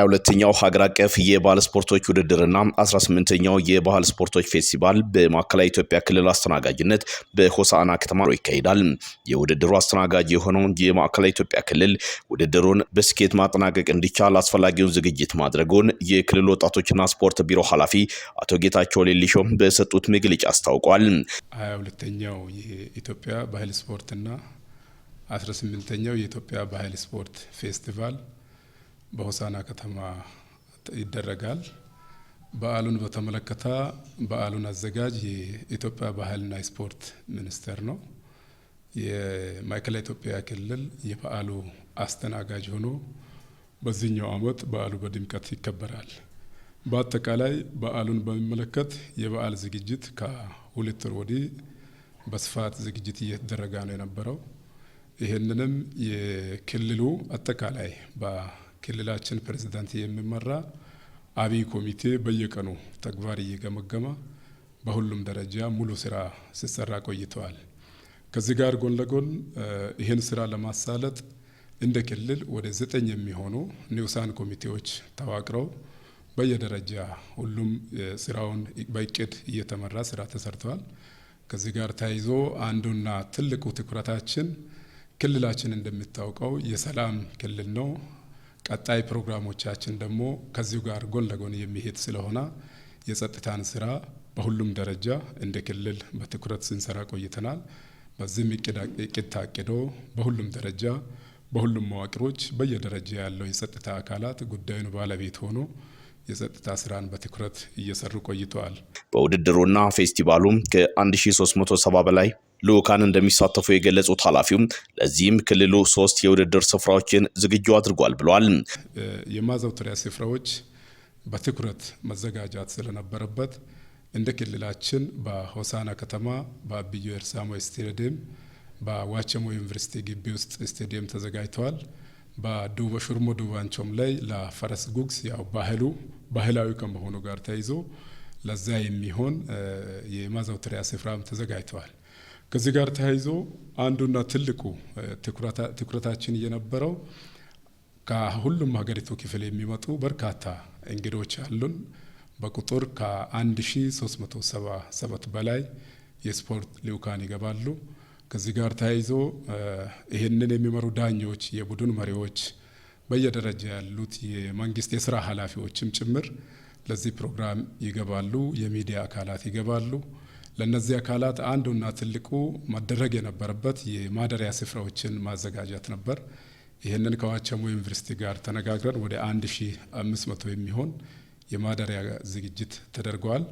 22ኛው ሀገር አቀፍ የባህል ስፖርቶች ውድድርና 18ኛው የባህል ስፖርቶች ፌስቲቫል በማዕከላዊ ኢትዮጵያ ክልል አስተናጋጅነት በሆሳና ከተማ ይካሄዳል። የውድድሩ አስተናጋጅ የሆነው የማዕከላዊ ኢትዮጵያ ክልል ውድድሩን በስኬት ማጠናቀቅ እንዲቻል አስፈላጊውን ዝግጅት ማድረጉን የክልል ወጣቶችና ስፖርት ቢሮ ኃላፊ አቶ ጌታቸው ሌሊሾ በሰጡት መግለጫ አስታውቋል። 22ኛው የኢትዮጵያ ባህል ስፖርትና 18ኛው የኢትዮጵያ ባህል ስፖርት ፌስቲቫል በሆሳና ከተማ ይደረጋል። በዓሉን በተመለከተ በዓሉን አዘጋጅ የኢትዮጵያ ባህልና ስፖርት ሚኒስቴር ነው። የማዕከላዊ ኢትዮጵያ ክልል የበዓሉ አስተናጋጅ ሆኖ በዚህኛው ዓመት በዓሉ በድምቀት ይከበራል። በአጠቃላይ በዓሉን በሚመለከት የበዓል ዝግጅት ከሁለት ወር ወዲህ በስፋት ዝግጅት እየተደረገ ነው የነበረው። ይህንንም የክልሉ አጠቃላይ ክልላችን ፕሬዝዳንት የሚመራ አብይ ኮሚቴ በየቀኑ ተግባር እየገመገመ በሁሉም ደረጃ ሙሉ ስራ ሲሰራ ቆይተዋል። ከዚህ ጋር ጎን ለጎን ይህን ስራ ለማሳለጥ እንደ ክልል ወደ ዘጠኝ የሚሆኑ ንዑሳን ኮሚቴዎች ተዋቅረው በየደረጃ ሁሉም ስራውን በእቅድ እየተመራ ስራ ተሰርተዋል። ከዚህ ጋር ተያይዞ አንዱና ትልቁ ትኩረታችን ክልላችን እንደሚታወቀው የሰላም ክልል ነው። ቀጣይ ፕሮግራሞቻችን ደግሞ ከዚሁ ጋር ጎን ለጎን የሚሄድ ስለሆነ የጸጥታን ስራ በሁሉም ደረጃ እንደ ክልል በትኩረት ስንሰራ ቆይተናል። በዚህም እቅድ ታቅዶ በሁሉም ደረጃ በሁሉም መዋቅሮች በየደረጃ ያለው የጸጥታ አካላት ጉዳዩን ባለቤት ሆኖ የጸጥታ ስራን በትኩረት እየሰሩ ቆይተዋል። በውድድሩና ፌስቲቫሉም ከ1370 በላይ ልዑካን እንደሚሳተፉ የገለጹት ኃላፊውም ለዚህም ክልሉ ሶስት የውድድር ስፍራዎችን ዝግጁ አድርጓል ብለዋል። የማዘውተሪያ ስፍራዎች በትኩረት መዘጋጃት ስለነበረበት እንደ ክልላችን በሆሳና ከተማ በአብዮ ኤርሳሞ ስቴዲየም በዋቸሞ ዩኒቨርሲቲ ግቢ ውስጥ ስቴዲየም ተዘጋጅተዋል። በዱበ ሹርሞ ዱባንቾም ላይ ለፈረስ ጉግስ ያው ባህሉ ባህላዊ ከመሆኑ ጋር ተይዞ ለዛ የሚሆን የማዘውተሪያ ስፍራም ተዘጋጅተዋል። ከዚህ ጋር ተያይዞ አንዱና ትልቁ ትኩረታችን የነበረው ከሁሉም ሀገሪቱ ክፍል የሚመጡ በርካታ እንግዶች አሉን። በቁጥር ከ1377 በላይ የስፖርት ሊውካን ይገባሉ። ከዚህ ጋር ተያይዞ ይህንን የሚመሩ ዳኞች፣ የቡድን መሪዎች፣ በየደረጃ ያሉት የመንግስት የስራ ኃላፊዎችም ጭምር ለዚህ ፕሮግራም ይገባሉ፣ የሚዲያ አካላት ይገባሉ። ለእነዚህ አካላት አንዱና ትልቁ መደረግ የነበረበት የማደሪያ ስፍራዎችን ማዘጋጀት ነበር። ይህንን ከዋቸሞ ዩኒቨርሲቲ ጋር ተነጋግረን ወደ 1500 የሚሆን የማደሪያ ዝግጅት ተደርገዋል።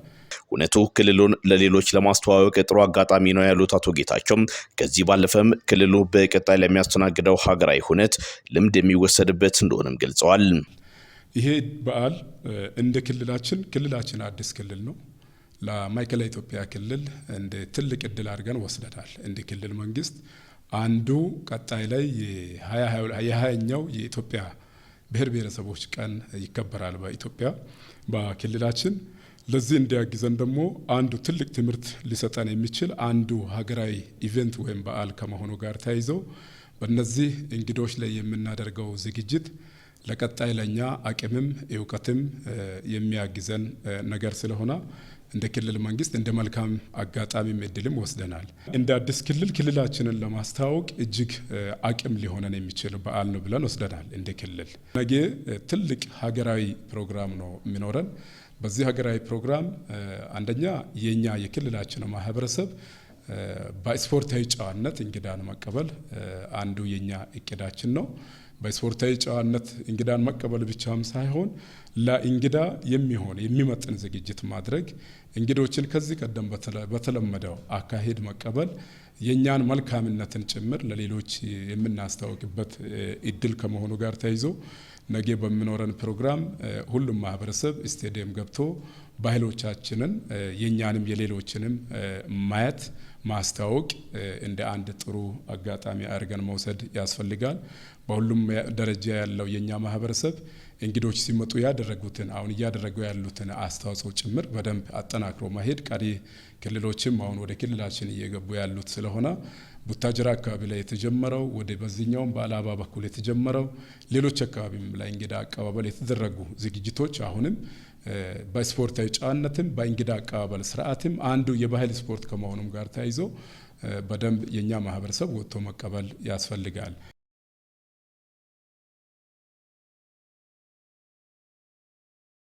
እውነቱ ክልሉን ለሌሎች ለማስተዋወቅ ጥሩ አጋጣሚ ነው ያሉት አቶ ጌታቸውም ከዚህ ባለፈም ክልሉ በቀጣይ ለሚያስተናግደው ሀገራዊ ሁነት ልምድ የሚወሰድበት እንደሆነም ገልጸዋል። ይሄ በዓል እንደ ክልላችን ክልላችን አዲስ ክልል ነው ለማዕከላዊ ኢትዮጵያ ክልል እንደ ትልቅ እድል አድርገን ወስደናል። እንደ ክልል መንግስት አንዱ ቀጣይ ላይ የሀያኛው የኢትዮጵያ ብሔር ብሔረሰቦች ቀን ይከበራል በኢትዮጵያ በክልላችን። ለዚህ እንዲያግዘን ደግሞ አንዱ ትልቅ ትምህርት ሊሰጠን የሚችል አንዱ ሀገራዊ ኢቨንት ወይም በዓል ከመሆኑ ጋር ተያይዘው በእነዚህ እንግዶች ላይ የምናደርገው ዝግጅት ለቀጣይ ለኛ አቅምም እውቀትም የሚያግዘን ነገር ስለሆነ እንደ ክልል መንግስት እንደ መልካም አጋጣሚም እድልም ወስደናል። እንደ አዲስ ክልል ክልላችንን ለማስተዋወቅ እጅግ አቅም ሊሆነን የሚችል በዓል ነው ብለን ወስደናል። እንደ ክልል ነገ ትልቅ ሀገራዊ ፕሮግራም ነው የሚኖረን። በዚህ ሀገራዊ ፕሮግራም አንደኛ የኛ የክልላችን ማህበረሰብ በስፖርታዊ ጨዋነት እንግዳን መቀበል አንዱ የኛ እቅዳችን ነው። በስፖርታዊ ጨዋነት እንግዳን መቀበል ብቻም ሳይሆን ለእንግዳ የሚሆን የሚመጥን ዝግጅት ማድረግ፣ እንግዶችን ከዚህ ቀደም በተለመደው አካሄድ መቀበል የእኛን መልካምነትን ጭምር ለሌሎች የምናስታወቅበት እድል ከመሆኑ ጋር ተያይዞ ነገ በሚኖረን ፕሮግራም ሁሉም ማህበረሰብ ስቴዲየም ገብቶ ባህሎቻችንን የእኛንም የሌሎችንም ማየት ማስታወቅ እንደ አንድ ጥሩ አጋጣሚ አድርገን መውሰድ ያስፈልጋል። በሁሉም ደረጃ ያለው የእኛ ማህበረሰብ እንግዶች ሲመጡ ያደረጉትን አሁን እያደረጉ ያሉትን አስተዋጽኦ ጭምር በደንብ አጠናክሮ መሄድ ቀሪ ክልሎችም አሁን ወደ ክልላችን እየገቡ ያሉት ስለሆነ ቡታጅራ አካባቢ ላይ የተጀመረው ወደ በዚኛውም በአላባ በኩል የተጀመረው ሌሎች አካባቢም ላይ እንግዳ አቀባበል የተደረጉ ዝግጅቶች አሁንም በስፖርታዊ ጨዋነትም በእንግዳ አቀባበል ስርዓትም አንዱ የባህል ስፖርት ከመሆኑም ጋር ተያይዞ በደንብ የእኛ ማህበረሰብ ወጥቶ መቀበል ያስፈልጋል።